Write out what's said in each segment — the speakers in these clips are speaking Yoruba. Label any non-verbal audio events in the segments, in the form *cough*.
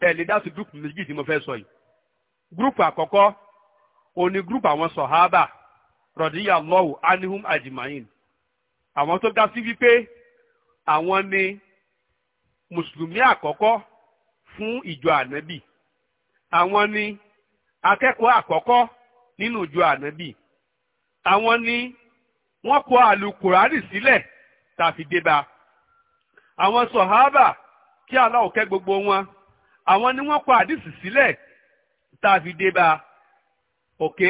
ẹ lè dá sí gúrùpù méjì tí mo fẹ́ sọ yìí gúrùpù àkọ́kọ́ òní gúrùpù àwọn sọ̀hábà rọ̀díyà lọ́wọ́ anihum ajimahin àwọn tó ga sí wípé àwọn ni mùsùlùmí àkọ́kọ́ fún ìjọ ànábì àwọn ni akẹ́kọ̀ọ́ àkọ́kọ́ nínú ìjọ ànábì àwọn ni wọ́n kọ àlùkùránì sílẹ̀ tàfi débà àwọn sọ̀hábà kí aláwọ̀ kẹ́ gbogbo wọn àwọn ni wọ́n kọ àdìsí sílẹ̀ tá a fi dé bá a òkè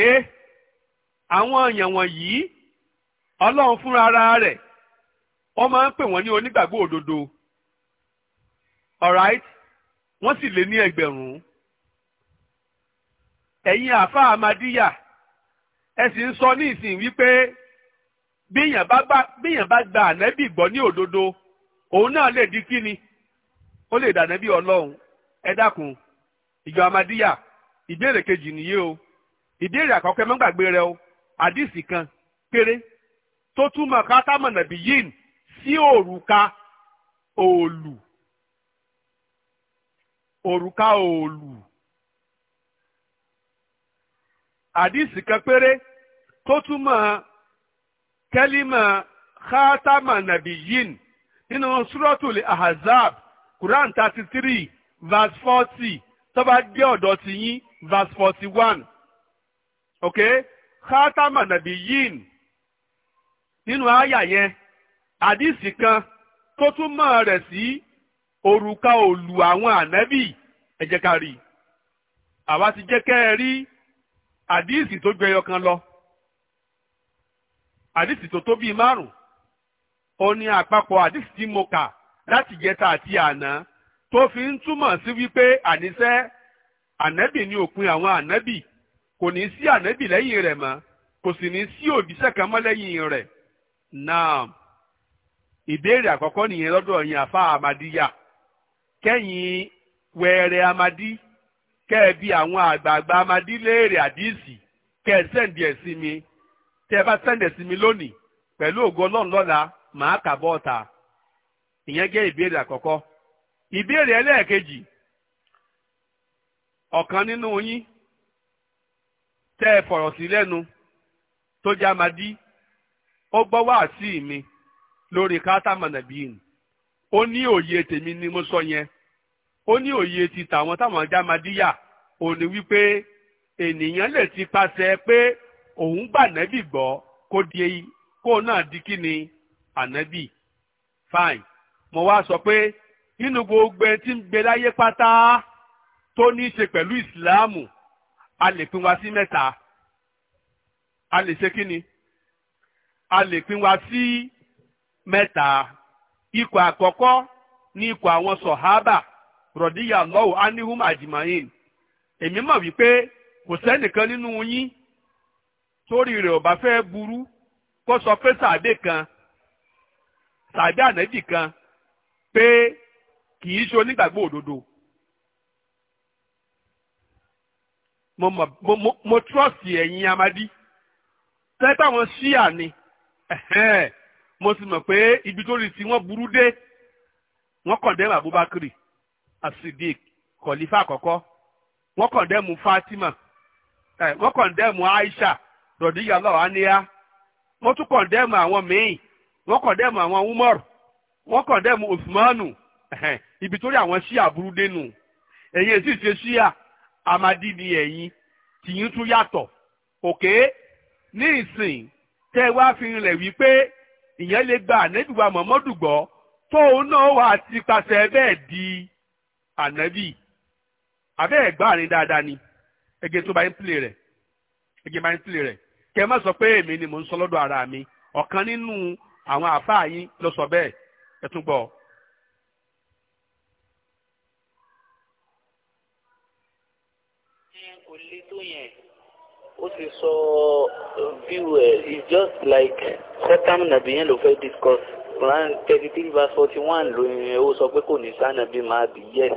àwọn èèyàn wọ̀nyí ọlọ́run fúnra ara rẹ̀ wọ́n máa ń pè wọ́n ní onígbàgbọ́ òdodo alright wọ́n sì lé ní ẹgbẹ̀rún ẹ̀yin àfa àmàdíyà ẹ sì ń sọ ní ìsìn wípé bíyàn bá gba ànẹ́bì gbọ́ ní òdodo òun náà lè di kíni ó lè dànẹ́bì ọlọ́run ẹ dákun ìjọ amadíyà ìbéèrè kejì nìyí o ìbéèrè àkọ́kọ́ má gbàgbé rẹ o àdìsí kan péré tó túmọ̀ kátámọ̀nàbí yìí sí òrùka òòlù òrùka òòlù àdìsí kan péré tó túmọ̀ kẹ́límà kátámọ̀nàbí yìí nínú sùrọ́tùlì ahazab quran thirty three verse forty tó dé ọ̀dọ̀ ti yín verse forty one ok khatama nàbí yin nínú àyà yẹn àdìsí kan tó túmọ̀ rẹ̀ sí òrùka òlù àwọn ànábì ẹ jẹ́ ká rí àwa ti jẹ́ kẹ́ ẹ rí àdìsí tó gbẹyọ kan lọ àdìsí tó tó bíi márùn ó ní àpapọ̀ àdìsí tí mo kà láti jẹta àti àná tó fi ń túmọ̀ sí wípé àníṣe ànẹ́bì ni òpin àwọn ànẹ́bì kò ní sí ànẹ́bì lẹ́yìn rẹ̀ mọ́ kò sì ní sí òbíṣẹ́ kan mọ́ lẹ́yìn rẹ̀ náà ìbéèrè àkọ́kọ́ nìyẹn lọ́dọ̀ yín àfa àmàdíyà kẹ́yìn wẹ̀rẹ̀ àmàdí kẹ́ẹ̀bi àwọn àgbààgbà àmàdí léèrè àdíìsì kẹ́ẹ̀sẹ̀ǹdì ẹ̀ mi tẹ́ ẹ bá sẹ̀ǹdì ẹ̀ mi lónìí ìbéèrè ẹlẹ́ẹ̀kejì ọ̀kan nínú yín tẹ́ ẹ fọ̀rọ̀ sí lẹ́nu tó ó gbọ́ sí mi lórí kátàmánàbíyìn ó ní òye tèmi ni mo sọ yẹn ó ní òye ti tàwọn táwọn jámadíyà ó ní wípé ènìyàn lè ti pé òun gbà nẹ́bì di kó náà di kí ni ànẹ́bì fine mo wá sọ pé nínú gbogbo ẹni tí ń gbé láyé pátá tó ní í ṣe pẹ̀lú ìsìláàmù a lè pín wa sí mẹ́ta a lè ṣe kí ni a lè pín wa sí mẹ́ta ikọ̀ àkọ́kọ́ ní ikọ̀ àwọn sọ̀hábà rọ̀díyà lọ́wọ́ anihum àjìmáyìn èmi mọ̀ wípé kò sẹ́nìkan nínú yín torí rẹ̀ ọba fẹ́ burú kó sọ pé sàbẹ̀ kan sàbẹ̀ ànábì kan pé kì í ṣe onígbàgbọ́ òdodo mo mọ mo mo mo trust ẹ̀yin amadi tẹ́tà wọn ṣíà ni mo sì mọ̀ pé ibi tó rí sí wọ́n burú dé wọ́n kọ̀ndẹ́mù Abubakar asidik kọ̀lífà àkọ́kọ́ wọ́n kọ̀ndẹ́mù Fatima wọ́n kọ̀ndẹ́mù Aisha rọ̀díyàlọ́ àníyá wọ́n tún kọ̀ndẹ́mù àwọn míì wọ́n kọ̀ndẹ́mù àwọn Umar wọ́n kọ̀ndẹ́mù Usmanu ibi tó rí àwọn ṣíà burú dénú ẹ̀yin èsì ṣe ṣíà amadi ni ẹ̀yin tìyín tún yàtọ̀ òkè ní ìsìn tẹ́ wá fi rinlẹ̀ wípé ìyẹn lè gba ànẹ́bíwá mọ̀mọ́dù gbọ́ tóun náà wà ti pàṣẹ bẹ́ẹ̀ di ànẹ́bí abẹ́ ẹ̀gbá rìn dáadáa ni ẹgẹ tó bá ń pilẹ̀ rẹ̀ ẹgẹ bá ń pilẹ̀ rẹ̀ kẹ́ ẹ má sọ pé èmi ni mò ń sọ lọ́dọ̀ ara mi ọ̀kan nínú àwọn àfáà yín ló sọ bẹ́ẹ̀ ẹ tún gbọ́ ọ. kò le tó yẹn ó ti sọ uh, view ẹ̀ it's just like khatam nàbíyẹn ló fẹ́ discuss Quran thirty three verse forty one lóyún ó sọ pé kò ní sànàbí máa bì yes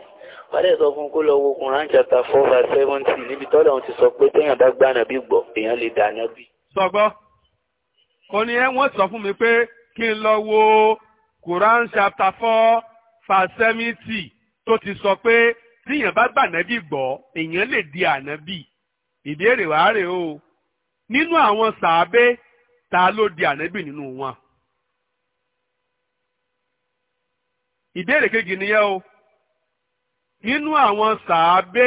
wàdẹ̀ sọ fún kó lọ Quran chapter four verse seventy níbi tọ́lọ̀ ti sọ pé téèyàn bá gbá nàbí gbọ́ èèyàn lè dà nàbí. sọgbọ́ kò ní ẹ wọ́n sọ fún mi pé kí n lọ wo Quran chapter four verse seventy tó ti sọ pé tíyàn bá gbà nábì gbọ́ èèyàn lè di ànábì ìbéèrè wàá rè o nínú àwọn sàábé ta ló di ànábì nínú wọn. ìbéèrè kejì nìyẹn o nínú àwọn sàábé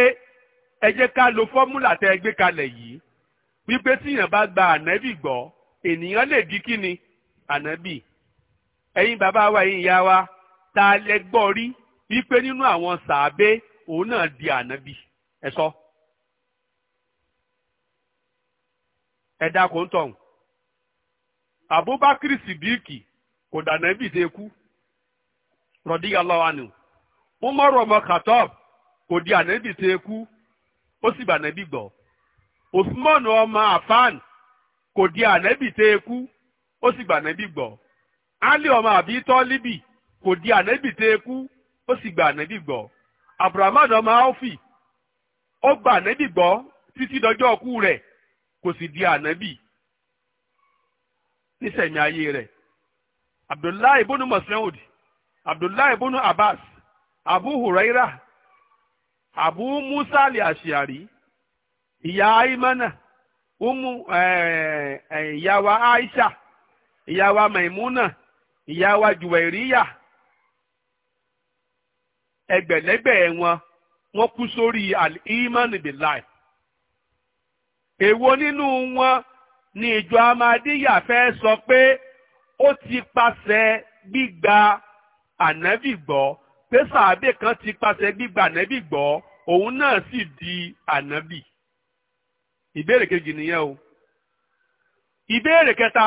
ẹ jẹ́ ká lo fọ́múlà tẹ́ ẹ gbé kalẹ̀ yìí wípé tíyàn bá gba ànábì gbọ́ ènìyàn lè di kíni ànábì ẹ̀yin bàbá wa ẹ̀yin ìyá wa ta lẹ gbọ́ rí wípé nínú àwọn sàábé òun náà di ànábì ẹ sọ ẹ dákò ń tọ̀hún Abubakar kò dànábì tẹ kú radiyallahu anhu Umar ọmọ katọb kò di ànábì tẹ kú ó sì gbànábì gbọ Usman ọmọ afan kò di ànábì tẹ kú ó sì gbọ Ali ọmọ kò di ànábì tẹ kú ó sì gbọ. abdulrahman ọmọ aofi ó gba ànábì gbọ́ títí dọjọ́ ọkú rẹ̀ kò sì di ànábì nísẹ̀mí ayé rẹ̀ abdullahi bonu mas'ud abdullahi bonu abbas abu huraira abu musa al-ashari ìyá aimana umu eh, eh, ìyá wa aisha ìyá wa maimuna ìyá wa juwairiya ẹgbẹ̀lẹ́gbẹ̀ wọn wọ́n kú sórí al-imanibillai èwo nínú wọn ni ìjọ amadíyà fẹ́ sọ pé ó ti pàṣẹ gbígba ànábì gbọ́ pé sàábé kan ti pàṣẹ gbígba ànábì gbọ́ òun náà sì di ànábì ìbéèrè kejì nìyẹn o ìbéèrè kẹta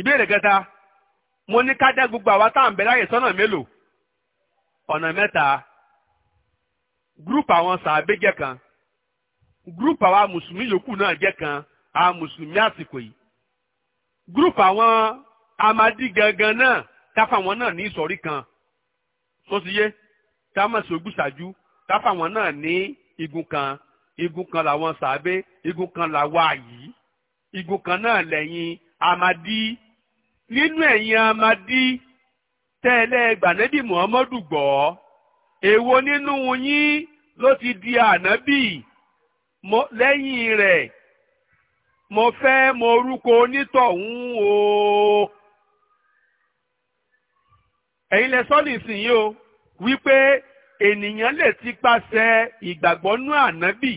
ìbéèrè kẹta mo ní ká dá gbogbo àwa tá à ń bẹ láyè sọ́nà mélòó ọ̀nà mẹ́ta gúrùpù àwọn sàábé jẹ́ kan gúrùpù àwọn mùsùlùmí yòókù náà jẹ́ kan àwọn mùsùlùmí àsìkò yìí gúrùpù àwọn amadi gangan náà káfà wọn náà ní ìsọ̀rí kan tó ti yé támọ̀sí ogúnṣàjú káfà wọn náà ní igun kan igun kan làwọn sàábé igun kan làwọn àyí igun kan náà lẹ́yìn amadi nínú ẹ̀yìn amadi. tẹ́lẹ̀ gbànẹ́bì muhammadu gbọ́ èwo nínú yín ló ti di ànábì lẹ́yìn rẹ̀ mo fẹ́ mọ orúkọ onítọ̀hún o ẹ̀yin lẹ sọ nísìnyí o wípé ènìyàn lè ti pàṣẹ ìgbàgbọ́ nú ànábì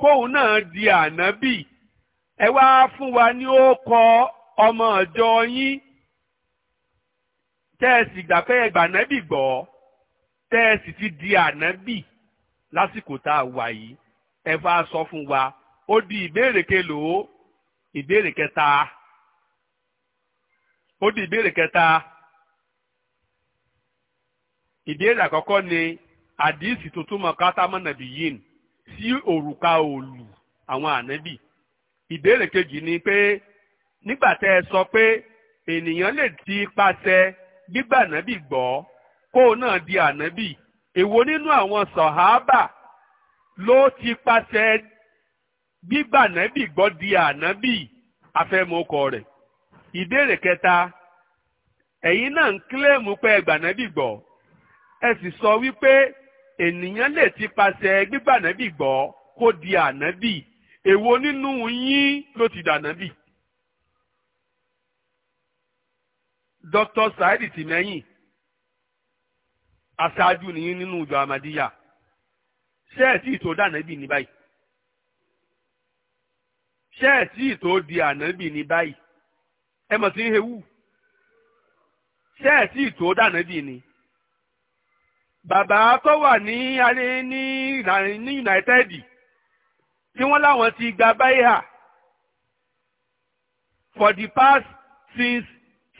kóun náà di ànábì ẹ wá fún wa ní ó kọ ọmọ ọjọ́ yín tẹ́ẹ̀sì ẹ ẹgbà gbà nẹ́bì gbọ́ tẹ́ ẹ ti di ànẹ́bì lásìkò tá a wà yìí ẹ bá sọ fún wa ó di ìbéèrè kelòó ìbéèrè kẹta ó di ìbéèrè kẹta ìbéèrè àkọ́kọ́ ni àdìsí tuntun mọ̀ kátámọ́nàbì yìí sí òrùka òòlù àwọn ànẹ́bì ìbéèrè kejì ni pé nígbà tẹ́ ẹ sọ pé ènìyàn lè ti pàṣẹ gbígbà nábì gbọ́ kó náà di ànábì èwo nínú àwọn sọ̀háábà ló ti pàṣẹ gbígbà nábì gbọ́ di ànábì afẹ́mọ́kọ rẹ̀ ìbéèrè kẹta ẹ̀yin náà ń kílẹ̀mù pé ẹ gbà nábì gbọ́ ẹ sì sọ wípé ènìyàn lè ti pàṣẹ gbígbà nábì gbọ́ kó di ànábì èwo nínú yín ló ti dànábì. Dr. Saidi Tìmẹ́yìn aṣáájú nìyí nínú ìjọ Amadiya ṣẹ́ẹ̀tì ìtò dànẹ́bì ní báyìí ṣẹ́ẹ̀tì ìtò di ànẹ́bì ní báyìí ẹ mọ̀ sí ewu ṣẹ́ẹ̀tì ìtò dànẹ́bì ni bàbá tó wà ní alẹ́ ní ní United tí wọ́n láwọn ti gba báyà for the past since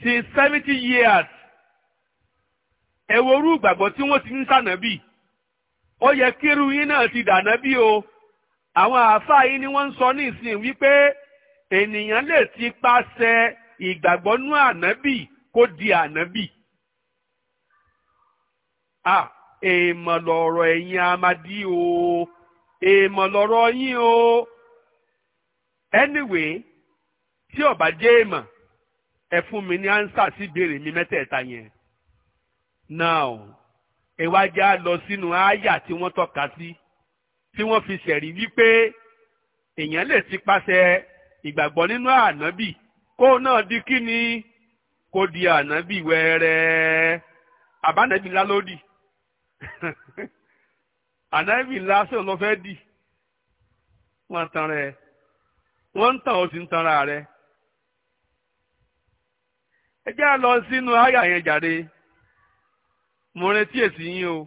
since seventy years ẹ wo irú ìgbàgbọ́ tí wọ́n ti ń sànàbì ó yẹ kírú yín náà ti dànàbì o àwọn àáfàá yín ni wọ́n ń sọ ní ìsìn wípé ènìyàn lè ti pàṣẹ ìgbàgbọ́ nú ànábì kó di ànábì. a èèmọ̀ lọ̀rọ̀ ẹ̀yin amadi o èèmọ̀lọ̀rọ̀ yín o anyway tí ọba bá jẹ́ èèmọ̀. ẹ fún mi ní ánsà sí ìbéèrè mi mẹ́tẹ̀ẹ̀ta yẹn. now ẹ wá já lọ sínú àyà tí wọ́n tọ́ka sí tí wọ́n fi ṣẹ̀rí wípé èèyàn lè ti pàṣẹ ìgbàgbọ́ nínú ànábì kó náà di kí ni kó di ànábì wẹ́rẹ́ àbánábì ńlá ló dì *laughs* ànábì ńlá sọ̀rọ̀ ló fẹ́ dì wọ́n tan rẹ̀ wọ́n ń tàn ó sì ń tanra rẹ̀ ẹ jẹ́ lọ sínú àyà yẹn jàre mo retí èsì yín o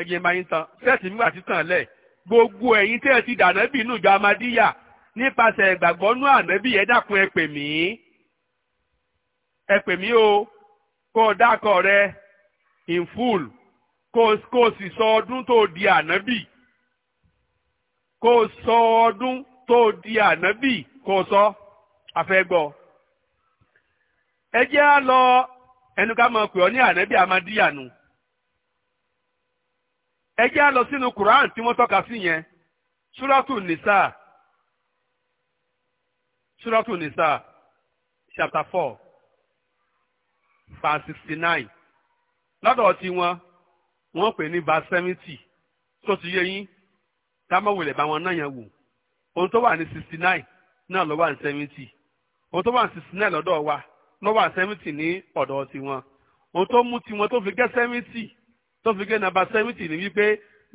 ẹ jẹ́ máa yín tán sẹ́ẹ̀tì mi wà títàn lẹ̀ gbogbo ẹ̀yin tẹ́ ẹ ti dànà bí inú ìjọ amadíyà nípasẹ̀ ìgbàgbọ́ nú ànábì ẹ dákun ẹ pè mí ẹ pè mí o kó o dákọ rẹ in full kó o sì sọ ọdún tó di ànábì kó o sọ ọdún tó di ànábì kó o sọ afẹ́gbọ́. ẹ a lọ ẹnu ká máa pè ọ́ ní ànábì amadíyànù ẹ jẹ́ a lọ sínú Quran tí wọ́n tọ́ka sí yẹn Nisa Suratu Nisa chapter four verse sixty nine lọ́dọ̀ tí wọn, wọ́n pè ní verse seventy tó ti yé yín támọ̀wìlẹ̀ bá wọn náà yẹn wò ohun tó wà ní sixty nine náà ló wà seventy ní ọ̀dọ̀ tiwọn ohun tó mú tiwọn tó fi gé seventy tó fi gé nàbà seventy ni wípé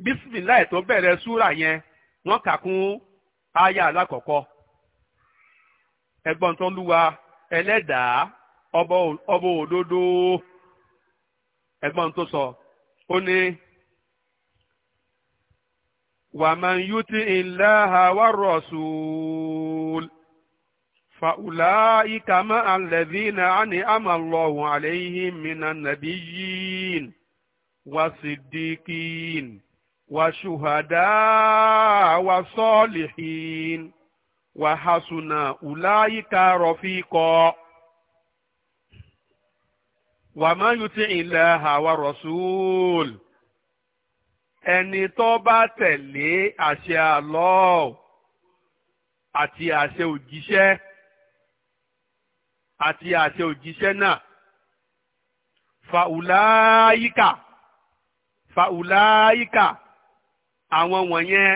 bísímìláì tó bẹ̀rẹ̀ súrà yẹn wọ́n kà kún aya alákọ̀ọ́kọ́ ẹgbọ́n tó lúwa ẹlẹ́dàá ọbọ̀ òdodo ẹgbọ́n tó sọ ó ní wàmán yúti ìlàhà wà rọ̀ṣùl. فأولئك مع الذين أنعم الله عليهم من النبيين والصديقين والشهداء والصالحين وحسن أولئك رفيقا ومن يطع الله ورسول ẹni tó bá tẹ̀lé àṣẹ Allah àti àṣẹ àti àṣẹ òjíṣẹ́ náà fàùláyíkà fàùláyíkà àwọn wọ̀nyẹn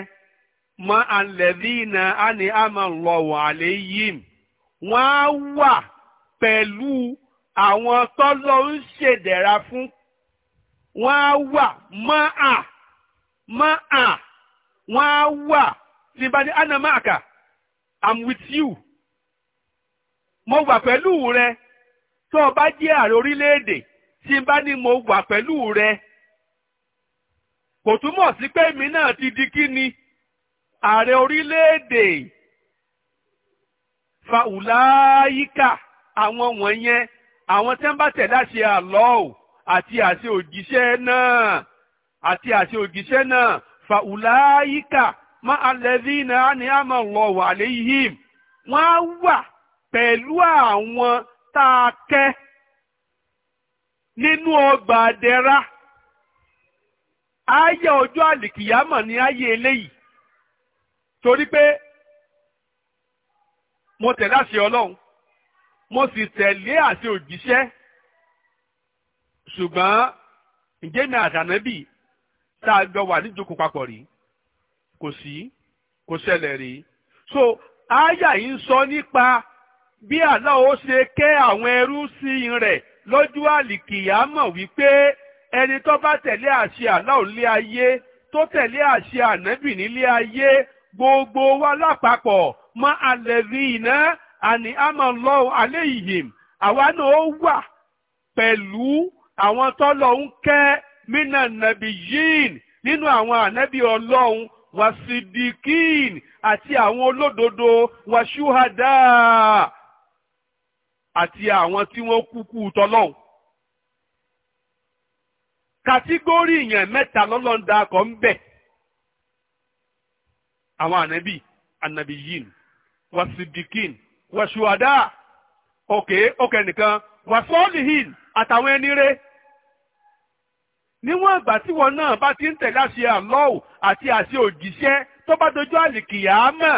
mọ àlẹ́dínà àní àmàlọ́wọ̀ àléyìn wọ́n á wà pẹ̀lú àwọn tọ́lọ́ ń ṣèdẹ̀ra fún wọ́n á wà mọ́ à mọ́ à wọ́n á wà tí bá ní ànàmáàkà i'm with you mo wà pẹ̀lú rẹ tó o bá jẹ́ ààrẹ orílẹ̀-èdè tí n bá ní mo wà pẹ̀lú rẹ kò túmọ̀ sí pé èmi náà ti di kí ni ààrẹ orílẹ̀-èdè fàwùláyíkà àwọn wọ̀nyẹn àwọn tí wọ́n bá tẹ̀ láṣẹ àlọ́ọ̀ àti àṣẹ òjíṣẹ́ náà àti àṣẹ òjíṣẹ́ náà fàwùláyíkà má alẹ́bí náà ni àmọ̀ lọ́wọ́ àléyìn wọ́n á wà pẹ̀lú àwọn tá a kẹ́ nínú ọgbà àdẹ́rà ayé ọjọ́ àlìkìyámọ̀ ni ayé eléyìí torí pé mo tẹ̀lé àṣẹ ọlọ́run mo sì tẹ̀lé àṣẹ òjíṣẹ́ ṣùgbọ́n ǹjẹ́ mi àtànábì tá a jọ wà níjókòó papọ̀ rí kò sí kò ṣẹlẹ̀ rí so aya yìí ń sọ nípa bí àlá ó ṣe kẹ́ àwọn ẹrú sí i rẹ̀ lọ́jọ́ àlìkìyàmọ̀ wípé ẹni tó bá tẹ̀lé àṣẹ àlá òlé ayé tó tẹ̀lé àṣẹ ànábì nílé ayé gbogbo wa lápapọ̀ mọ́ alẹ́rí iná àní àmọ̀lọ́ alẹ́ ìhìm àwa náà wà pẹ̀lú àwọn tọ́lọ̀ ń kẹ́ mínà nàbì yín nínú àwọn ànábì ọlọ́run wàsídìkín àti àwọn olódodo wàṣúhàdá àti àwọn tí wọ́n kúkú tọ́lọ́hùn. kàtígórì yẹn mẹ́ta lọ́lọ́ńdà kọ́ ń bẹ̀. àwọn ànábì ànábì yìí wàsídìkìn wàṣùwàdà òkè òkè nìkan wàsọ́ọ̀lìhìn àtàwọn ẹni rẹ̀ níwọ̀n ìgbà tí wọn náà bá ti ń tẹ̀lé àṣẹ àlọ́ọ̀ àti àṣẹ òjíṣẹ́ tó bá dojú àlìkìyà mọ̀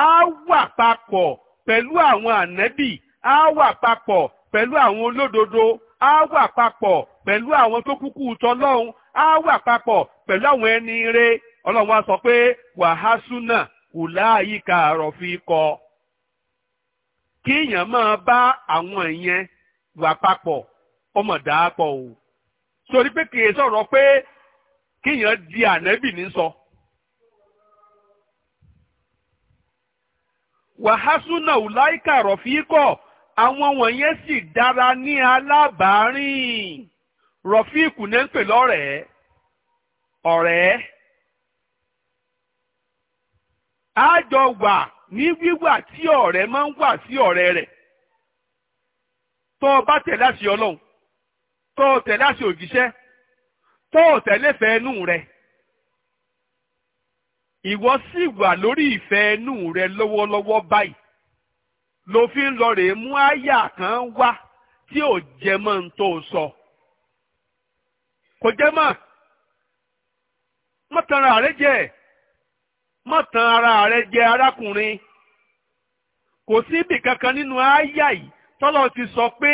á wà papọ̀ pẹ̀lú àwọn ànábì a wà papọ̀ pẹ̀lú àwọn olódodo a wà papọ̀ pẹ̀lú àwọn tó kúkú tọlọ́hun a wà papọ̀ pẹ̀lú àwọn ẹni ire ọlọ́run wa sọ pé wàhásùnà kò láàyè kààrọ̀ fi kọ kíyàn máa bá àwọn ìyẹn wà papọ̀ ọmọ dàápọ̀ o sori pé kìí sọ̀rọ̀ pé kíyàn di ànẹ́bì ní sọ. wàhásùnà ò láìka rọ̀ fi kọ̀ àwọn wọ̀nyẹn sì dára ní alábàárìn rọ̀fíìkù ní ń pè lọ́rẹ̀ẹ́ ọ̀rẹ́ á jọ wà ní wíwà tí ọ̀rẹ́ máa ń wà sí ọ̀rẹ́ rẹ̀ tó o bá tẹ̀ láti ọlọ́run tó o tẹ̀ láti òjíṣẹ́ tó o tẹ̀lé fẹ́ ẹnu rẹ̀ ìwọ sì wà lórí ìfẹ́ ẹnu rẹ̀ lọ́wọ́lọ́wọ́ báyìí. ló fi ń lọ rèé mú àyà kan wá tí ò jẹ mọ́ ń tó sọ kò jẹ mọ́ má tan ara rẹ jẹ má tan ara rẹ jẹ arákùnrin kò sí ibì kankan nínú àyà yìí tọ́lọ́ ti sọ pé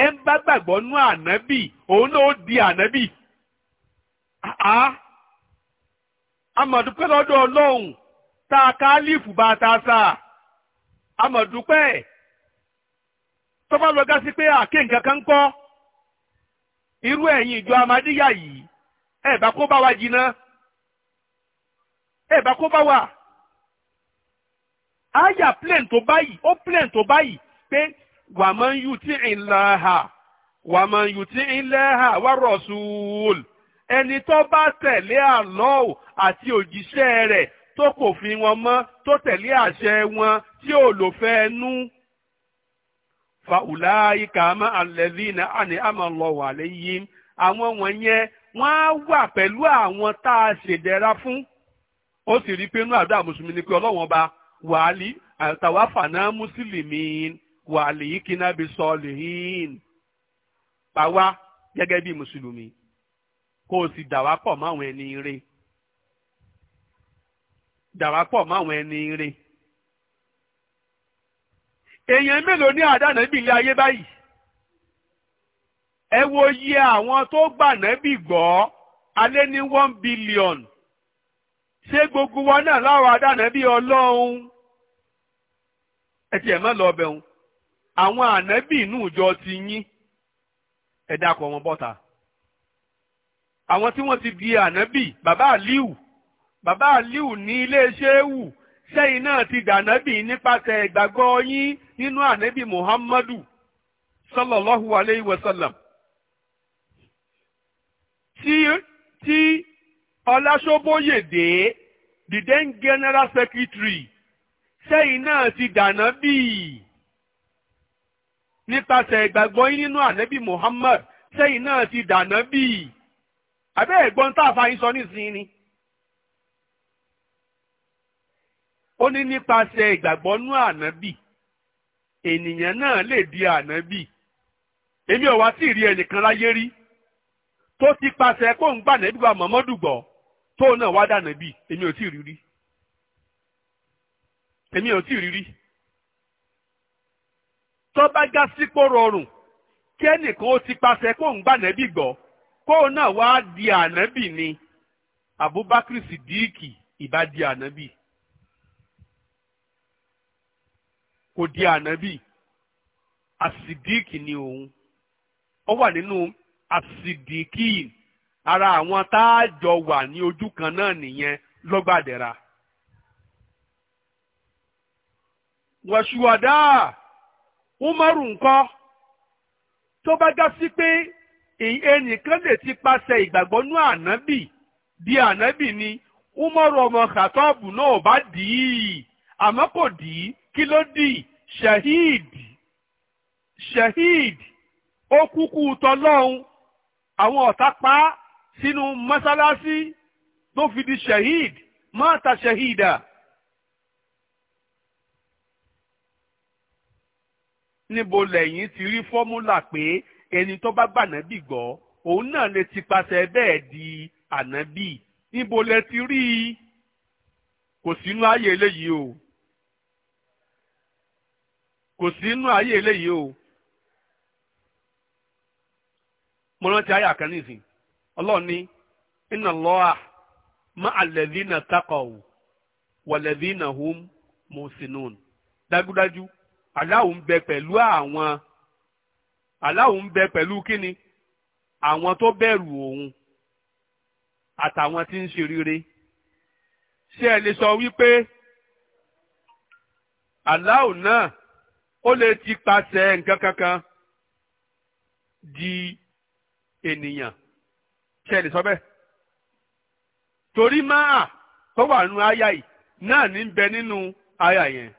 ẹ ń bá gbàgbọ́ nú ànábì òun náà ó di ànábì. amọ̀dúpẹ́ lọ́dọ̀ ọlọ́run tá a ká lífù bá a ta sáà. amọ̀dúpẹ́ tọba lọ pé àké kan irú ẹ̀yin ìjọ amadíyà yìí ẹ̀ bá kó bá wa jìnnà ẹ̀ bá kó bá wa àyà tó báyìí ó plane tó báyìí pé wà ń tí ń là tó kò fi wọn mọ́ tó tẹ̀lé àṣẹ wọn tí ò lò fẹ́ ẹnu. fàwùlà ikàmọ́ alẹ́dínà àní àmọ̀lọ́wọ̀ àléyìn àwọn wọ̀nyẹn wọ́n á wà pẹ̀lú àwọn tá a ṣèdẹ́ra fún. ó sì rí i pé inú àdúrà mùsùlùmí ni pé ọlọ́wọ́n ba wàhálì àtàwáfàná mùsùlùmí wàhálì kìnnàbí sọ̀lìhìn. pàwa gẹ́gẹ́ bí mùsùlùmí kó o sì dà wá pọ̀ máwọn ẹni rẹ̀. dàwápọ̀ máwọn ẹni rẹ̀ èèyàn mélòó ní àdánà bí ilé ayé báyìí ẹ wo iye àwọn tó gbà nẹ́bì gbọ́ alẹ́ ní one billion ṣé gbogbo wa náà láwọn àdánà bí ọlọ́run ẹ tiẹ̀ má lọ bẹ̀rù àwọn ànẹ́bì inú ìjọ ti yín ẹ dákọ̀ wọn bọ́ta àwọn tí wọ́n ti di ànẹ́bì bàbá àlíù bàbá aliu ní ilé ṣéwù sẹ́yìn náà ti dànábì nípasẹ̀ ìgbàgbọ́ yín nínú ànábì muhammadu sallallahu alayhi wa sallam tí tí ọlásọ́bóyèdè the then general secretary sẹ́yìn náà ti dànábì nípasẹ̀ ìgbàgbọ́ yín nínú ànábì muhammad sẹ́yìn náà ti dànábì abẹ́ ẹ̀gbọ́n tá a fa yín sọ nísìnyí ni. ó ní nípasẹ̀ ìgbàgbọ́ nú ànábì ènìyàn náà lè di ànábì èmi ò wá sí ìrí ẹnìkan láyé rí tó ti pasẹ̀ kó ń gbà nẹ́bí wa mọ̀mọ́dù gbọ́ tó náà wá dà nẹ́bí èmi ò tí rí rí èmi ò rí rí tó bá já rọrùn kí ẹnìkan ó ti pasẹ̀ kó ń gbà nẹ́bí gbọ́ di ànábì ni Abubakar ìbá di ànábì. kò di ànábì àsìdíìkì ni òun ó wà nínú àsìdíìkì ara àwọn tá a jọ wà ní ojú kan náà nìyẹn lọ́gbàdẹ́ra. wàṣùwàdà Umaru ńkọ́ tó bá já sí pé ẹnìkan lè ti pàṣẹ ìgbàgbọ́ nú ànábì di ànábì ni Umaru ọmọ Kàtọ́ọ̀bù náà bá dì í àmọ́ kò dì í kí ló dì shahid shahid ó kúkú tọlọ́hún àwọn ọ̀tá pa sínú mọ́sálásí tó fi di shahid má ta shahida. níbo lẹ́yìn ti rí fọ́múlà pé ẹni tó bá gbànábì gbọ́ òun náà lè ti pasẹ̀ bẹ́ẹ̀ di ànábì níbo lẹ ti rí i kò sínú ààyè eléyìí o. kò sí inú ayé eléyìí o mo rántí ayé àkànní ìsìn ọlọ́run ní inna Allaha ma'al ladhina taqaw wal ladhina hum muhsinun dájúdájú aláwo bẹ pẹ̀lú àwọn aláwo bẹ pẹ̀lú kíni àwọn tó bẹ̀rù òun àtàwọn tí ń ṣe rere ṣé ẹ lè sọ wípé aláwo náà. ó lè ti pàṣẹ nǹkan kankan di ènìyàn ṣe lè sọ bẹ́ẹ̀ torí máa tó wà nínú àyà yìí náà ní bẹ nínú àyà yẹn.